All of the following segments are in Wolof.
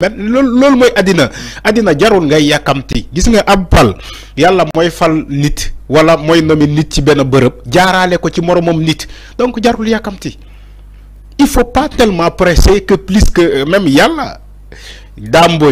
benn moy adina, adina, jarul ngay yakamti gis nga ab pal yàlla fal nit wala moy nomi nit ci ben beurep jaaraale ko ci moromom nit donc jarul yakamti il faut pas tellement presser que plus que euh, même yalla dambo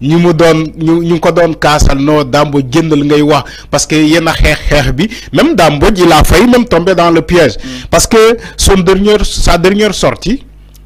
ñi mu doon ñu ko doon kaasal no dambo jëndal ngay wax parce que yena xex xex bi même dambo il a failli même tomber dans le piège mm. parce que son dernière sa dernière sortie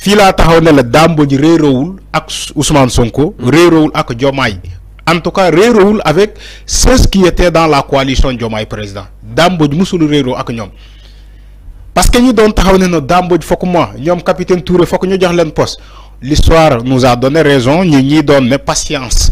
fi la taxaw la dambo ji reerowul ak Ousmane Sonko. Mm. reerowul ak Diomaye en tout cas reerowul avec ceux qui étaient dans la coalition Diomaye président dambo ji musul réeroo ak ñom parce que ñu don taxaw ne dambo faut que moi capitaine Touré que ñu jox len poste l'histoire nous a donné raison ñi ñi donné ne patience.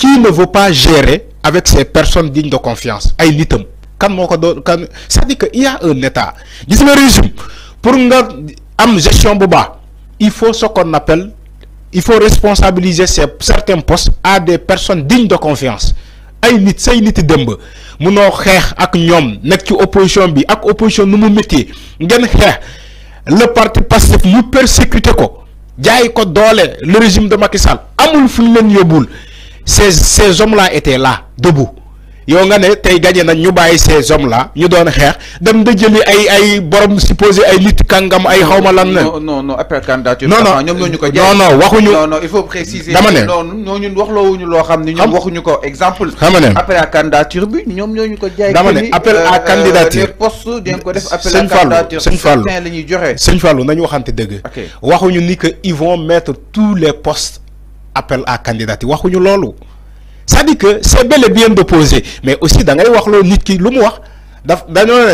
qui ne veut pas gérer avec ces personnes dignes de confiance ay nitam kan moko kan cest à que il y a un état gis le régime pour nga am gestion bu ba, il faut ce qu'on appelle il faut responsabiliser ces certains postes à des personnes dignes de confiance ay nit say nit dëmb munoo xex ak ñom nek ci opposition bi ak opposition nu mu métier ngeen le parti Pastef mu persécuter ko jaay ko doole le régime de Macky Sall amul fu leen yóbbul ces ces hommes-là étaient là debout Yo nga ne tay gagné nañ ñu bàyyi ces hommes-là ñu doon xeex dem da jëli ay ay borom supposé ay nit kàngam ay xawma lan non non non après candidature. non non ñu ko jaay. non non waxuñu. non non il faut préciser. dama ne non non ñun waxloowuñu loo xam ni ñoom waxuñu ko exemple. dama ne après à candidature bi ñom ñu ko jaay. dama ne appel à euh, euh, candidature les postes dañ ko def appel à candidature. sëñ Fallou sëñ Fallou sëñ Fallou nañu waxante waxuñu ni que ils vont mettre tous les postes appel à candidature waxuñu loolu c'est-à-dire que c'est bel et bien de mais aussi da les wax loolu nit ki lu mu wax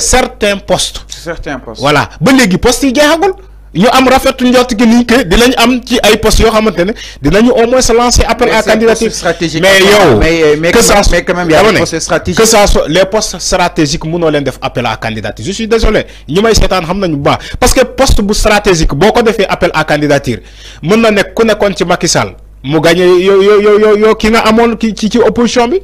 certains postes. certains postes voilà ba léegi postes yi jeexagul ñu am rafetu njort gi ni que dinañ am ci ay postes yoo xamante dinañu au moins lancer appel à candidature mais yow que ça mais quand même y a des postes stratégiques que ça soit les postes stratégiques mënoo leen def appel à candidature je suis désolé ñi may seetaan xam nañu bu baax parce que poste bu stratégique beaucoup de defee appel à candidature mën na nekk ku nekkoon ci Macky mu gagner yo yo yo yo ki nga amoon ki ci ci opposition bi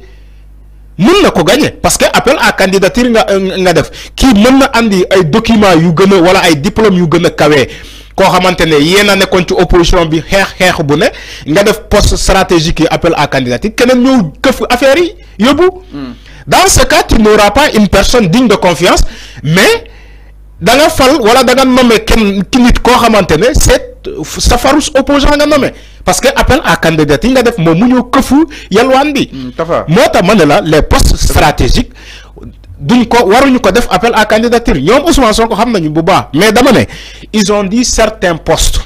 mën na ko gagner parce que appel à candidature nga nga def ki mën na andi ay documents yu gëna a wala ay diplômes yu gëna kawé ko xamantene a ne yéen ci opposition bi xeex xeex bu ne nga def poste stratégique appel à candidature keneen ñeu keuf affaire yi yóbbu. Hmm. dans ce cas tu n'auras pas une personne digne de confiance mais da nga fal wala da nga nommé kenn ki nit ko xamante c'est sa opposant nga nommé parce que appel à candidature yi nga def moom mu ñëw këfu yalwaan bi hmm, mota tax les postes stratégiques duñ ko waruñ ko def appel à candidature ñom Ousmane Sonko xam nañu bu ba mais dama né ils ont dit certains postes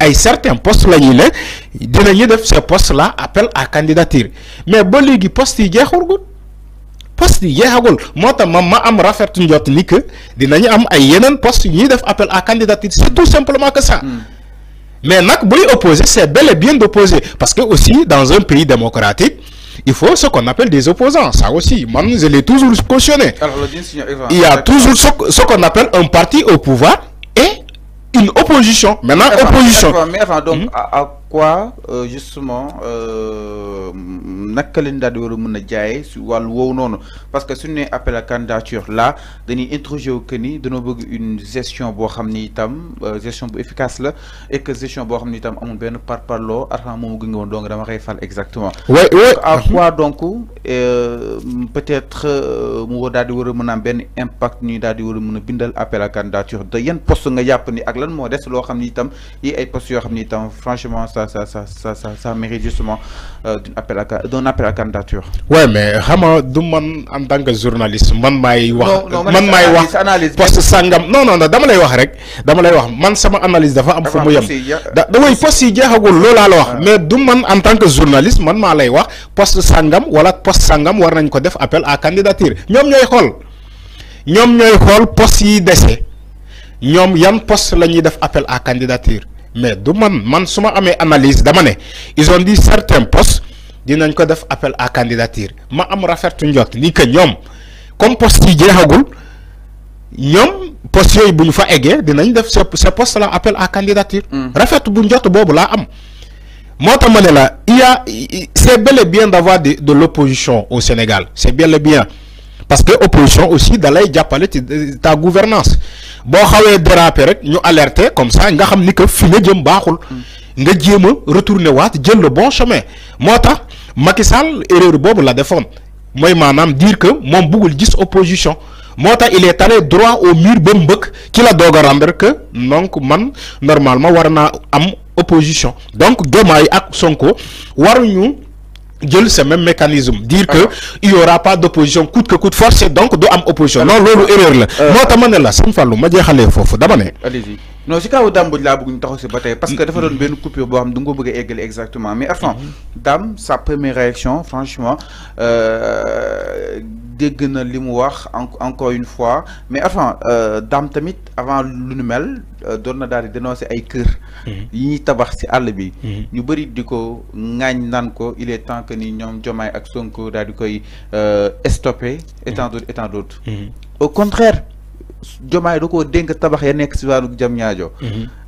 ay certains postes la ñuy ne dinañu def ces postes là appel à candidature mais ba légui postes yi jeexurgut poste yi jeexagul moo tax ma ma am rafet ndiot ni que dinañu am ay yenen poste yu def appel à candidature c'est tout simplement que ça hmm. mais nak buy opposer c'est bel et bien d'opposer parce que aussi dans un pays démocratique il faut ce qu'on appelle des opposants ça aussi man je l'ai toujours cautionné il y a toujours ce qu'on appelle un parti au pouvoir et une opposition maintenant opposition mais avant donc hmm pourquoi euh, justement euh, naka leen daal di sur a mën a parce que suñu nee appel à candidature là dañuy introgé wu que ni dañoo bëgg une gestion boo xam itam euh, gestion bu efficace la et que gestion boo xam ni itam amul benn par là alors moomu gën nga donc dama fal exactement. oui oui à quoi donc peut-être mu daal di war a impact ñuy daal di bindal appel à candidature de y'en poste nga jàpp ni ak lan moo des loo xam itam yi ay postes franchement ça ça, ça, ça, ça, mérite justement euh, d'un appel, à, candidature. Ouais, mais en tant que journaliste, man man sangam, non, non, non, analyse dafa am poste mais en tant que journaliste, man ma poste sangam wala poste sangam appel à candidature. poste appel à candidature mais du man man su ma analyse dama né ils ont dit certains postes dinañ ko def appel à candidature ma am rafetlu ndiot ni que ñom comme poste yi jeexagul ñom postes yooyu bu fa égué dinañ def ce ce poste là appel à candidature. Mm. rafet bu ndiot bobu la am. moo tax ma la il y a c'est bel et bien d'avoir de de l'opposition au Sénégal c'est bel et bien parce opposition aussi da lay jàppale ci euh, ta gouvernance quand xawee déraper rek ñu alerter comme ça nga xam ni que fi nga jëm baaxul mm. nga jéem retourner waat jël le bon chemin moo tax Macky Sall erreur boobu la defoon mooy maintenant dire que mon bëggul gis opposition moi il est allé droit au mur ba mbëkk la doog que donc man normalement warna am opposition donc Diomaye ak Sonko waruñu Dieu ce même mécanisme dire que il y aura pas d'opposition coûte que coûte force donc do am opposition non lolu erreur la euh, moo la une ne la sëñ Fallou ma jeexalee foofu dama allez-y non si kaw Dame la bëgg ñu taxaw ci parce que dafa doon benn coupure bo xam du nga bëgg égal exactement mais enfin mhm. Dame sa première réaction franchement euh, dégg na li mu wax encore une fois mais enfin euh, dame tamit avant lu nu mel euh, doon na daal di dénoncer ay kër mhm. yi ñuy tabax si àll bi mhm. ñu bëri di ko ŋaañ naan ko il est temps que ni ñoom Diomaye ak Sonko daal di koy euh, stoppé et tant mhm. d'autres et tant d'autres au contraire Diomaye da koo dénk tabax ya nekk si wàllu jam ñaajo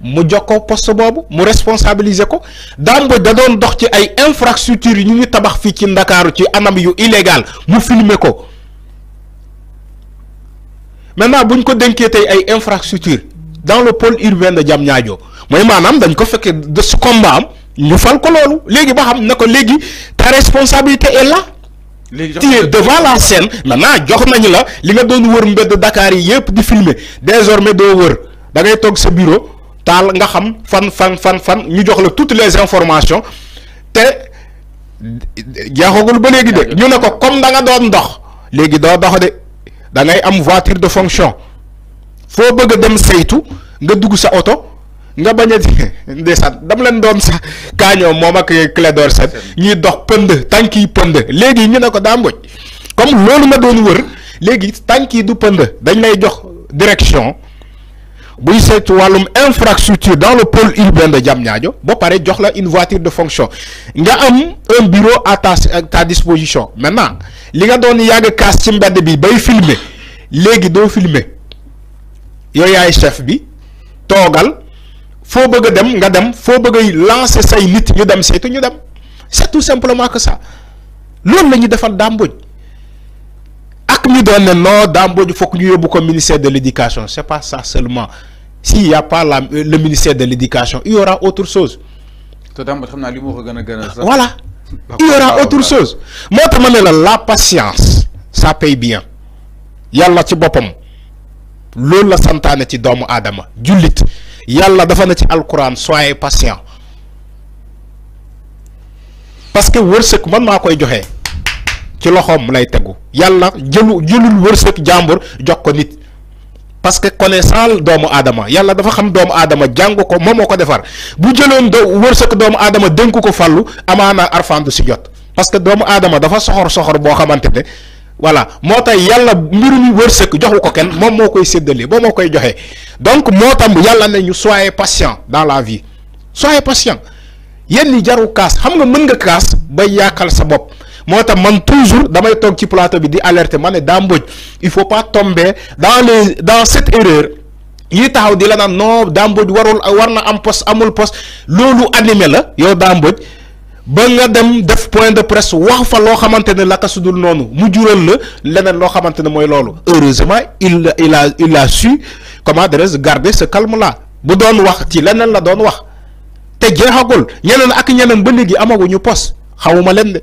mu jokkoo poste bobu mu responsabiliser ko Dame da doon dox ci ay infrastructures ñu ñu tabax fi ci dakar ci anam illégal mu filmer maintenant si ko des ay infrastructures dans le pôle urbain de dañ ko de combat ñu ba xam ta responsabilité est là. tu es devant la scène maintenant jox nañ la li nga doon wër mbéd Dakar yépp di filmer désormais wër da ngay tok bureau. Tal nga xam fan fan fan fan ñu jox toutes les informations ba de ñu comme da nga doon dox légui dox de da ngay am voiture de fonction fo bëgg dem seytu nga dugg sa auto nga baña dam lañ doon sa de mom ak clé d'or set dox ñu comme lolu nga doon wër du pënd dañ lay jox direction buy saytu wàllum infrastructure dans le pôle urbain de Diamniadio ba pare jox la une voiture de fonction nga am un bureau à ta ta disposition maintenant li nga doon yàgg kaas ci mbedd bi bay filmer léegi doo filmer yow yaay chef bi toogal foo bëgg a dem nga dem foo bëgg a lancer say nit ñu dem saytu ñu dem c'est tout simplement que ça loolu la ñu defal dàmbuñ il nous doon ne non Dame ñu ko ministère de l'éducation c'est pas ça seulement s'il n'y a pas euh, le ministère de l'éducation il y aura autre chose. voilà il y aura autre chose. montre moi la patience ça paye bien yalla ci bopam loolu la santaane ci doomu adama jullit yalla dafa na ci alquran soyez patient parce que wërsëg man maa koy joxe. ci loxoom lay tegu yàlla jëlu jëlul wërsëg jàmbur jox ko nit parce que connaissant doomu aadama yàlla dafa xam doomu aadama jàng ko moom moo ko defar bu jëloon do wërsëg doomu aadama dénk ko fàllu amaana arfan si jot parce que doomu aadama dafa soxor soxor boo xamante ne voilà moo tax yàlla mbirum wërsëg joxu ko kenn moom moo koy séddale ba moo koy joxe donc moo tam yàlla ne ñu soyez patient dans la vie soyez patient yenn jarul kaas xam nga mën nga kaas ba yàqal sa bopp. moi man toujours damay toog ci plateau bi di alerter ma ne il faut pas tomber dans les dans cette erreur il taxaw di la naan non daa warol warna am poste amul poste lolu animé la yow daa ba nga dem def point de presse wax fa lo xamantene la laka sudul noonu mu jural la lenen lo xamantene moy lolu heureusement il il a il a su comment de reste garder ce calme là bu doon wax ci lenen la doon wax te jeexagul ñeneen ak ñeneen ba amagu ñu poste xawuma leen de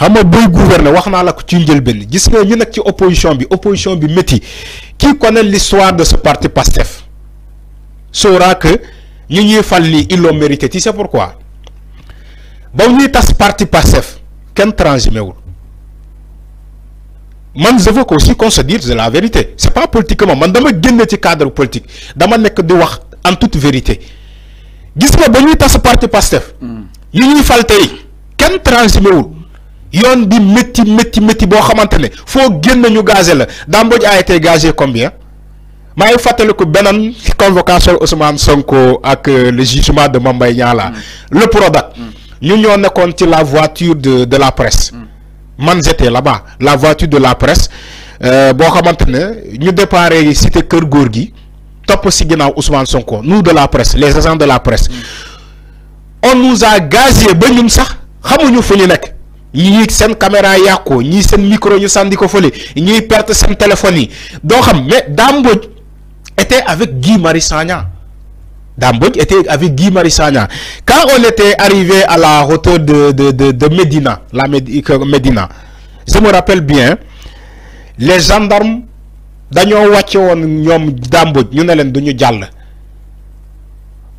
xam boy buy gouverner wax naa la ko ci gis nga ñu nag ci opposition bi opposition bi métti Ki connaît l'histoire de ce parti PASTEF saura que ñu ñuy fal lii mérité tu sais pourquoi ba ñuy tas parti PASTEF kenn transhumé wul man je veux aussi qu'on se dise la vérité c'est pas politiquement man dama génn ci cadre politique dama nekk di wax en toute vérité gis nga ba ñuy tas parti PASTEF. Hmm. ñu ñuy fal tey kenn transhumé wul yoon bi metti metti metti bo xamantene fo foo ñu gazé la damboj a été gazé combien maa que fàttaliku beneen convocation Ousmane Sonko ak euh, le jugement de Mame Mbaye mm. le produit, mm. ñu ñoo nekkoon ci la voiture de de la presse mm. man j'étais là-bas la voiture de la presse euh, boo xamante ne ñu déparé cité keur gor gi top si ginaaw Ousmane Sonko nous de la presse les agents de la presse on nous a gazé ba ñun sax xamuñu fu ñu nekk a seen caméra yakko ñii sen micro ñu sànni ko fële ñuy perte sen téléphone yi do xam mais était avec Guy Marissagna. Sagna était avec Guy Marissagna. quand on était arrivé à la hauteur de de de de Médina la Médina je me rappelle bien les gendarmes daño wàcce won ñom Dame ñu ne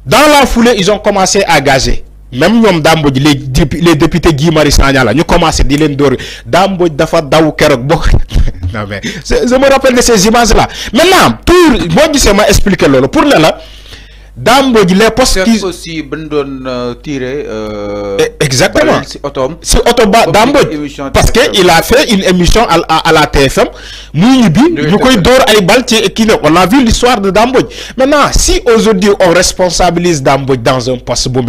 dans la foulée ils ont commencé à gazer. même ñoom Dambodj les les députés Guy Marius Sagna la ñu commencé di leen dóor Dambodj dafa daw keroog boo non mais je me rappelle de ces images là maintenant tout boo gisee ma expliqué loolu pour ne la. Dambo les postes qui aussi ben euh, tiré euh, eh, exactement c'est auto si parce que il a fait une émission à, la TFM muy bi dor on a vu l'histoire de Dambo maintenant si aujourd'hui on responsabilise Dambo dans un poste bu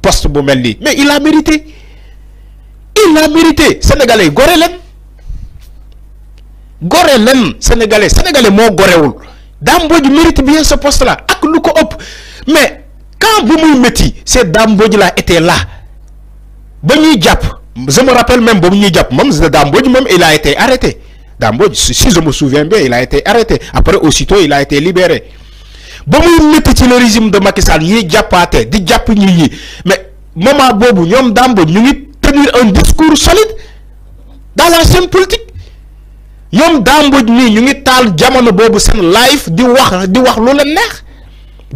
poste bu mais il a mérité il a mérité sénégalais gore leen sénégalais sénégalais mon Dame mérite bien ce poste-là ak luko mais quand vous muy mettez, c'est Dame là était là Bonny je me rappelle même même il a été arrêté Dame si je me souviens bien il a été arrêté après aussitôt il a été libéré bon muy le régime de Macky Sall il est di dit ñi mais moment Bobo, yom Dame tenir un discours solide dans la scène politique. ñoom dàmboj nii ñu ngi taal jamono boobu seen live di wax di wax lu leen neex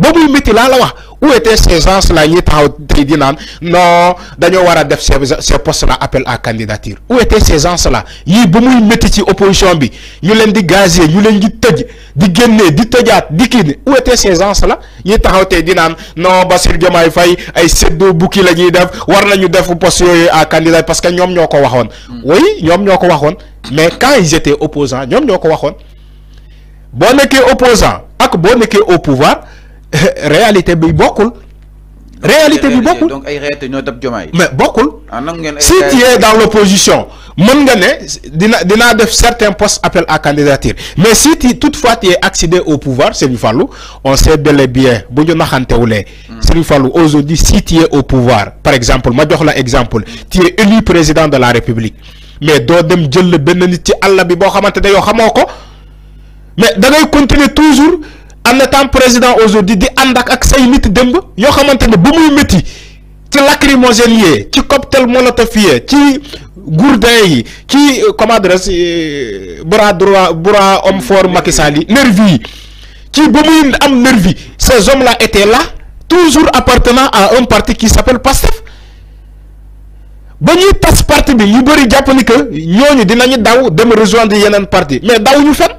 boobuy métti laa la wax où était ces gens-là ñuy taxaw tey dinan, non dañoo wara def ces ces postes appel à candidature où étaient ces gens-là Yi ba muy métti ci opposition bi ñu di gazier ñu leen di tëj di génnee di tëjaat di où étaient ces gens-là ñuy taxaw dinan, non Bassirou Diomaye Faye ay séddoo bukki la ñuy def war nañu def poste à candidat parce que ñoom ñoo ko hmm. oui yom ñoo ko mais quand ils étaient opposants yom ñoo ko waxoon boo opposant ak bonne nekkee au pouvoir. réalité bi bokul réalité bi bokul donc ay réalité ñoo dab jomay mais bokul ah, si tu es dans l'opposition mën nga né dina dina def certains postes appel à candidature mais si tu toutefois tu es accédé au pouvoir c'est Serigne Fallou on sait bel et bien bu ñu wulé hmm. Serigne Fallou aujourd'hui si tu es au pouvoir par exemple ma jox la exemple tu es élu président de la République mais do dem jël benn nit ci Allah bi bo xamanté ne yow mais da ngay continuer toujours en étant président aujourd'hui di Andak ak say nit demb yo xamantene bu métier muy metti ci lacrymogène yi ci cocktail molotov yi ci gourdin yi ci euh, euh, bras droit bras homme fort Macky nervi qui ci bu muy am nervi ces hommes là étaient là toujours appartenant à un parti qui s'appelle PASTEF ba ñuy tas parti bi ñu bari jàpp ni que dinañu daw dem rejoindre yenen parti mais daw ñu fenn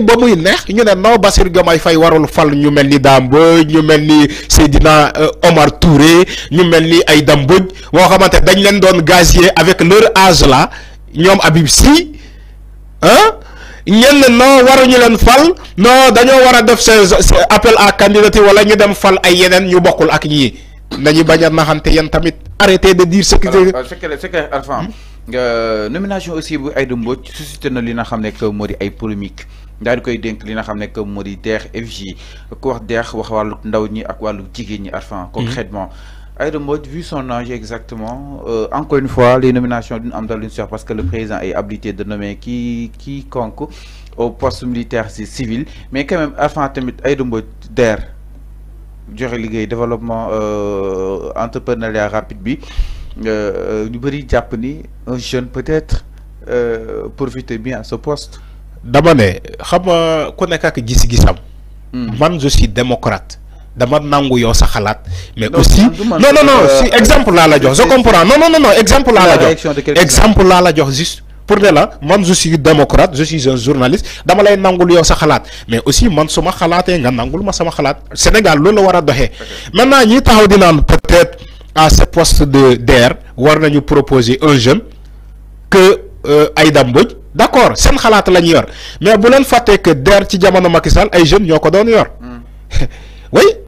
tey ba muy neex ñu ne noo Bassirou Diomaye fay warul fal ñu mel ni Dame ñu mel ni Seydina euh, Omar Touré ñu mel ni ay Dame Mbodj boo xamante dañ leen doon gazier avec leur âge là ñoom Habib Sy ah ñenn non waruñu leen fal non dañoo war a def se appel à candidature wala ñu dem fal ay yeneen ñu bokkul ak ñii nañu bañ a naxante yéen tamit arrêtez de dire ce que euh, ce que Alpha hmm? euh, nomination aussi bu Aïda Mbodj suscité na li nga xam ne que moo ay polémique daal di koy dénk li nga xam ne fj ku wax DER wax wàllu ndaw ñi ak walu jigéen ñi Arfan mhm. concrètement Aïda vu son âge exactement euh, encore une fois les nominations d'une am parce que le président est habilité de nommer qui quiconque au poste militaire c'est civil mais quand même Arfan tamit Aïda mode DER joxe liguey développement euh, entrepreneurial rapide bi euh, ñu bari japp ni un jeune peut-être profite bien à ce poste dama ne xam nga ku nekk ak gis-gisam. Hmm. man je suis démocrate. dama nangu yo sa xalat mais aussi non non non euh, si exemple la la jox je comprends non non non exemple la la jox exemple la la jox juste. pour de la man je suis démocrate je suis un journaliste dama lay nangul yo sa xalat mais aussi man suma ma nga nangul ma sama xalat Sénégal lo la wara a maintenant ñi taxaw di naan peut-être à ce poste de DR war nañu proposer un jeune que euh, Aïda d' accord seen xalaat la ñu yor mais bu leen fattee que DER ci jamono Macky Sall ay jeunes ñoo ko doon yor hmm. oui